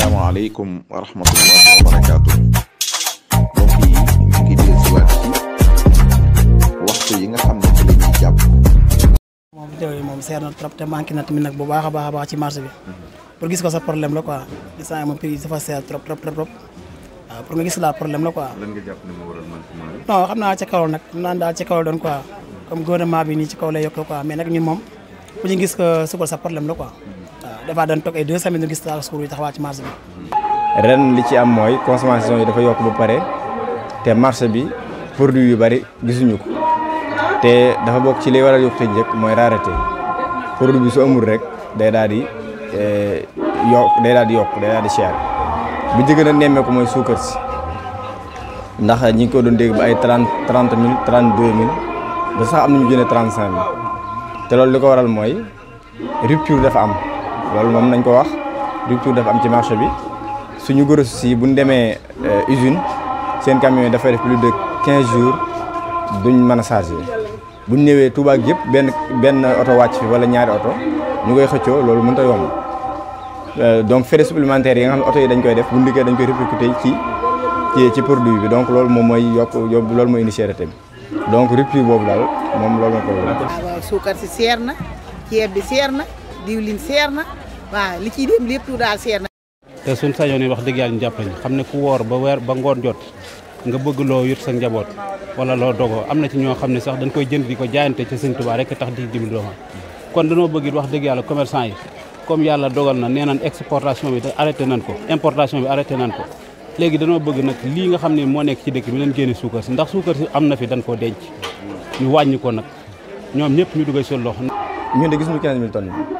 asalaamaaleykum wa rahmatullahi wa waxtu yi nga xam ne ci la ñuy jàpp moom teew yi moom na trop nag bu baax baax a baax ci marché bi mhm. pour gis ko sa problème la quoi instant moom prix yi dafa seer trop trop trop waaw pour nga gis la problème la quoi lan nga xam naa ca kaw nag xam naa daal ca kaw doon quoi comme gouvernement bi nii ci kaw la yokk quoi mais ñun moom ku ñu gis ko sugal sa problème la quoi mhm. dafa daan toog ay deux semaines ñu gis taal sukur yi taxawaat ci marché bi. ren li ci am mooy consommation yi dafa yokk ba pare te marché bi produit yu bari gisuñu ko te dafa bokk ci war a waral yokkute njëkk mooy rareté produit bi su amul rek day daal di eh, yokk day daal di yokk day daal di cher bu njëkk a nemmeeku mooy suukar si ndax ñi ngi ko doon dégg ba ay trente trente mille trente deux mille ba sax am ñu jën trente cinq mille te loolu li ko waral mooy rupture dafa am. loolu moom nañ ko wax rupture dafa am ci marché bi ñu gros si bu ñu demee euh, usine seen camion yi dafay def plus de 15 jours buñ mën a chargé bu ñu ñëwee Touba yëpp benn benn oto wàcc fi wala ñaari oto ñu koy xëccoo loolu mënut a yomb euh, donc frais supplémentaires yi nga xam ne oto yi dañ koy def bu ñu liggéey dañ koy répercuté ci ci ci produit bi donc loolu moom mooy yokk yóbbu loolu mooy initiative bi donc rupture boobu daal moom loolu ma ko waaw suukar si waaw li ciy lépp lu daal seer na. te suñ sañoon yi wax dëgg yàlla ñu jàppañ xam ne ku woor ba weer ba ngoon jot nga bëgg loo yut sa njaboot wala loo dogoo am na ci ñoo xam ne sax dañ koy jënd di ko jaayante ci sëñ Tuubaa rek tax di dimbali doomam kon danoo bëgg it wax dëgg yàlla commerçant yi comme yàlla dogal na nee nan exportation bi arrêté nañ ko importation bi arrêté nañ ko léegi dañoo bëgg nag lii nga xam ne moo nekk ci dëkk bi leen génne suukar si ndax suukar si am na fi dañ koo denc ñu wàññi ko nag ñoom ñëpp ñu dugal seen loxo ñun de gis ñu 15 000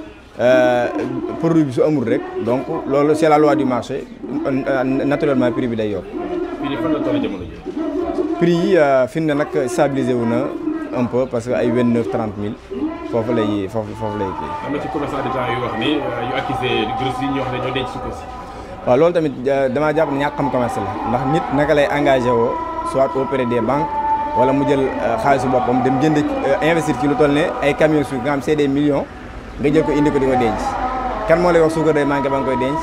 Euh, produit bi su amul rek donc loolu c'est la loi du marché naturellement prix bi day yokk. prix fan la toll jamono ji. Euh, na un peu parce que ay 29 neuf trente mille foofu lay foofu foofu lay kii. am ci commerçant de temps yu wax ni euh, yu accusé grossiste yi ñu wax ne ñoo denc suukar si. waaw loolu tamit dama japp ne ñàkk xam commerce la ndax nit naka lay engager woo soit auprès des banques wala mu jël xaalisu bopam dem jënd investir ci lu tollé ay camions suuf nga xam c'est des millions. nga jël ko indi ko di ko denc kan moo lay wax suukar day manqué ba nga koy denc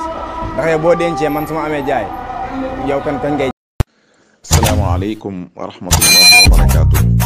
ndax yow boo dencee man su amee jaay yow kan kañ ngay. salaamaaleykum wa rahmatullahi wa barakaatu.